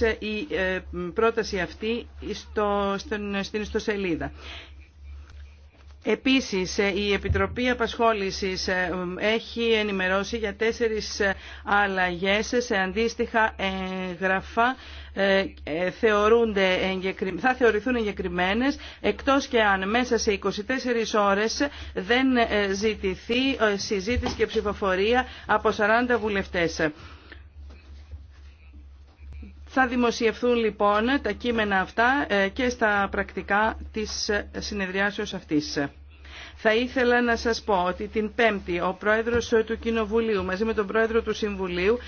Ε, η ε, πρόταση αυτή στο, στην, στην ιστοσελίδα. Επίσης, ε, η Επιτροπή Απασχόλησης έχει ενημερώσει για τέσσερις αλλαγές σε αντίστοιχα εγγραφά θα θεωρηθούν εγκεκριμένες εκτός και αν μέσα σε 24 ώρες δεν ζητηθεί συζήτηση και ψηφοφορία από 40 βουλευτές. Θα δημοσιευθούν λοιπόν τα κείμενα αυτά ε, και στα πρακτικά της συνεδριάσεως αυτής. Θα ήθελα να σας πω ότι την Πέμπτη ο Πρόεδρος του Κοινοβουλίου μαζί με τον Πρόεδρο του Συμβουλίου